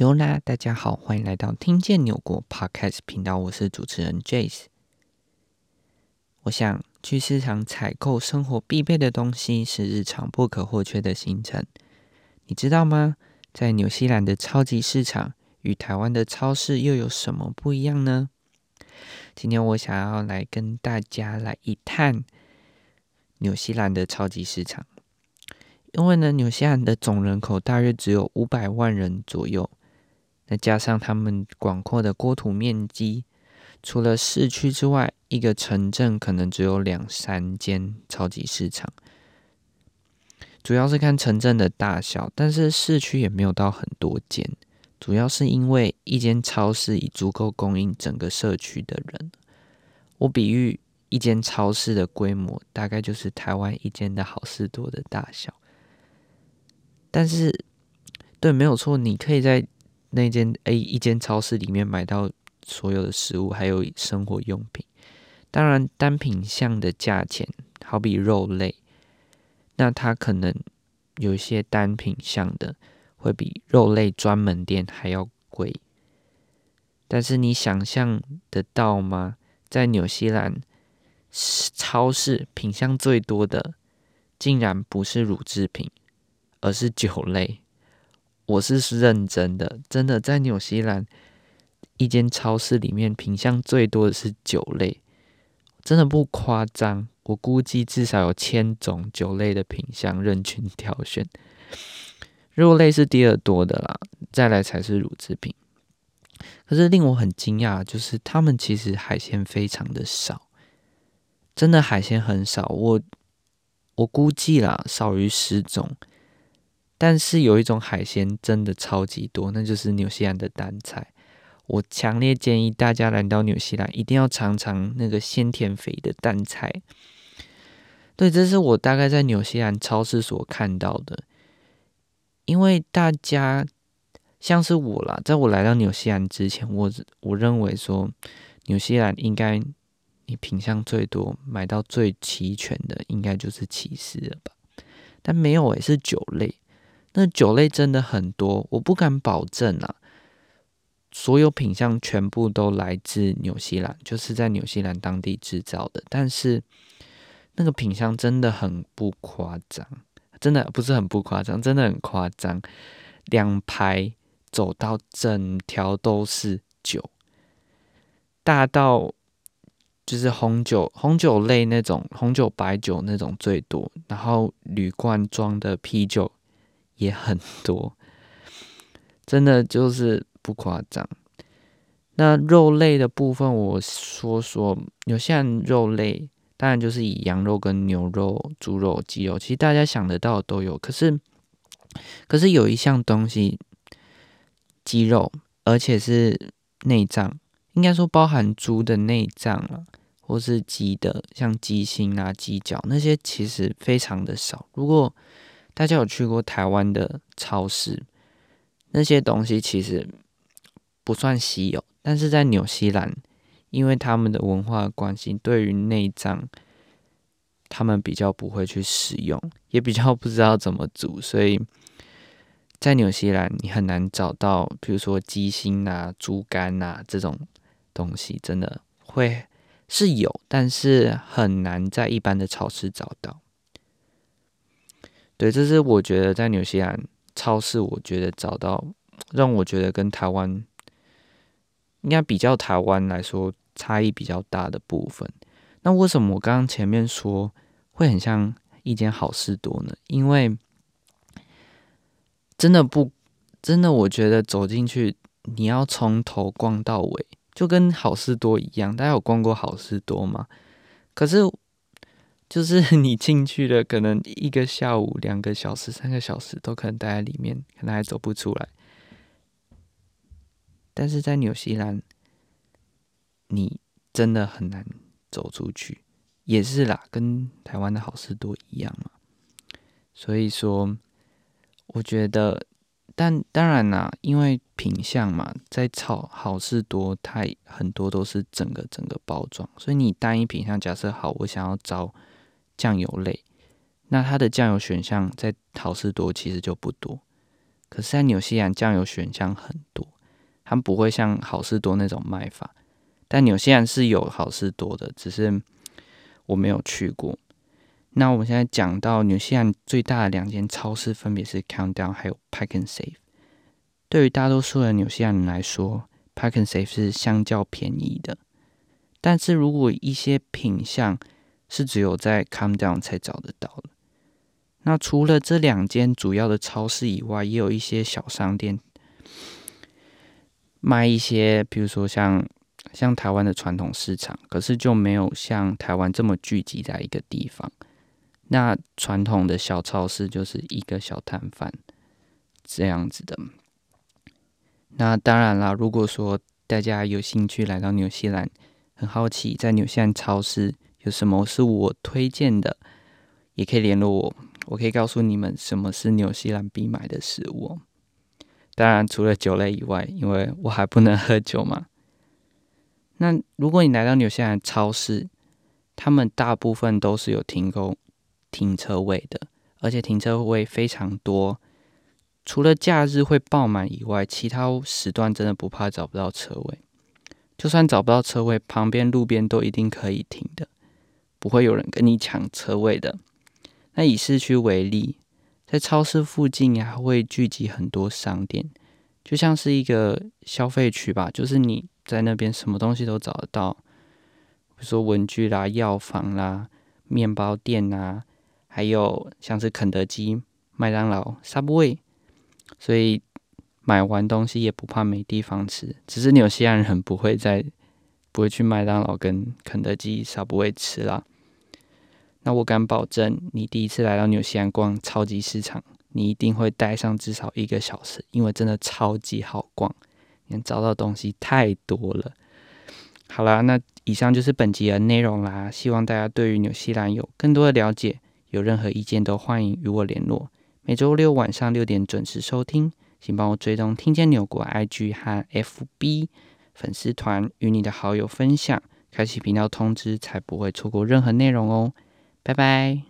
Yola, 大家好，歡迎來到聽見紐國 Podcast 頻道，我是主持人 Jace。我想去市場採購生活必備的東西，是日常不可或缺的行程。你知道嗎？在紐西蘭的超級市場與台灣的超市又有什麼不一樣呢？今天我想要來跟大家來一探紐西蘭的超級市場，因為呢，紐西蘭的總人口大約只有五百萬人左右。再加上他們廣闊的國土面積，除了市區之外，一個城鎮可能只有兩三間超級市場。主要是看城鎮的大小，但是市區也沒有到很多間。主要是因為一間超市已足夠供應整個社區的人。我比喻一間超市的規模，大概就是台灣一間的好市多的大小。但是，對，沒有錯，你可以在。那間 A 一間、欸、超市裡面買到所有的食物還有生活用品，當然單品項的價錢，好比肉類，那它可能有一些單品項的會比肉類專門店還要貴，但是你想象得到嗎？在紐西蘭超市品項最多的，竟然不是乳製品，而是酒類。我是認真的，真的在紐西蘭一間超市裡面，品項最多的是酒類，真的不誇張，我估計至少有千種酒類的品項任君挑選。肉類是第二多的啦，再來才是乳製品。可是令我很驚訝，就是他們其實海鮮非常的少，真的海鮮很少，我我估計啦，少於十種。但是有一種海鮮真的超級多，那就是紐西蘭的淡菜。我強烈建議大家來到紐西蘭，一定要嘗嘗那個鮮甜肥的淡菜。對，這是我大概在紐西蘭超市所看到的。因為大家像是我啦，在我來到紐西蘭之前，我我認為說紐西蘭應該你品項最多、買到最齊全的，應該就是起司了吧？但沒有、欸，也是酒類。那酒類真的很多，我不敢保證啊，所有品項全部都來自紐西蘭，就是在紐西蘭當地制造的。但是那個品項真的很不誇張，真的不是，很不誇張，真的很誇張。兩排走到整條都是酒，大到就是紅酒、紅酒類那種，紅酒、白酒那種最多，然後鋁罐裝的啤酒，也很多，真的就是不誇張。那肉類的部分，我說說，有些人肉類當然就是以羊肉跟牛肉、豬肉、雞肉，其實大家想得到的都有。可是，可是有一項東西，雞肉，而且是內臟，應該說包含豬的內臟啊，或是雞的，像雞心啊、雞腳那些，其實非常的少。如果大家有去過台灣的超市？那些東西其實不算稀有，但是在紐西蘭，因為他們的文化的關係，對於內臟，他們比較不會去食用，也比較不知道怎麼煮，所以，在紐西蘭你很難找到，比如說雞心啊、豬肝啊這種東西，真的會是有，但是很難在一般的超市找到。對，這是我覺得在紐西蘭超市，我覺得找到讓我覺得跟台灣應該比較台灣來說差異比較大的部分。那為什麼我剛剛前面說會很像一間好市多呢？因為真的不，真的，我覺得走進去你要從頭逛到尾，就跟好市多一樣。大家有逛過好市多嗎？可是。就是你進去了，可能一個下午、兩個小時、三個小時都可能待在裡面，可能還走不出來。但是在紐西蘭，你真的很難走出去，也是啦，跟台灣的好事多一樣嘛。所以說，我覺得，但當然啦，因為品項嘛，在超好事多，它很多都是整個整個包裝，所以你單一品項，假設好，我想要找。醬油類，那它的醬油選項在好市多其實就不多，可是在紐西蘭醬油選項很多，它們不會像好市多那種賣法，但紐西蘭是有好市多的，只是我沒有去過。那我們現在講到紐西蘭最大的兩間超市分別是 Countdown 還有 Pack and Save。對於大多數的紐西蘭人來說，Pack and Save 是相較便宜的，但是如果一些品項，是只有在 calm down 才找得到的。那除了這兩間主要的超市以外，也有一些小商店賣一些，比如說像像台灣的傳統市場，可是就沒有像台灣這麼聚集在一個地方。那傳統的小超市就是一個小攤販這樣子的。那當然啦，如果說大家有興趣來到紐西蘭，很好奇在紐西蘭超市。有什麼是我推薦的，也可以聯絡我，我可以告訴你們什麼是紐西蘭必買的食物。當然，除了酒類以外，因為我還不能喝酒嘛。那如果你來到紐西蘭超市，他們大部分都是有提供停車位的，而且停車位非常多。除了假日會爆滿以外，其他時段真的不怕找不到車位。就算找不到車位，旁邊路邊都一定可以停的。不會有人跟你搶車位的。那以市區為例，在超市附近呀、啊，會聚集很多商店，就像是一個消費區吧。就是你在那邊什麼東西都找得到，比如說文具啦、藥房啦、麵包店啊，還有像是肯德基、麥當勞、Subway，所以買完東西也不怕沒地方吃。只是紐西蘭人很不會在。不會去麥當勞跟肯德基，少不會吃啦。那我敢保證，你第一次來到紐西蘭逛超級市場，你一定會待上至少一個小時，因為真的超級好逛，你能找到東西太多了。好啦，那以上就是本集的內容啦。希望大家對於紐西蘭有更多的了解，有任何意見都歡迎與我聯絡。每周六晚上六點準時收聽，請幫我追蹤聽見紐國 IG 和 FB。粉絲團與你的好友分享，開啟頻道通知才不會錯過任何內容哦。拜拜。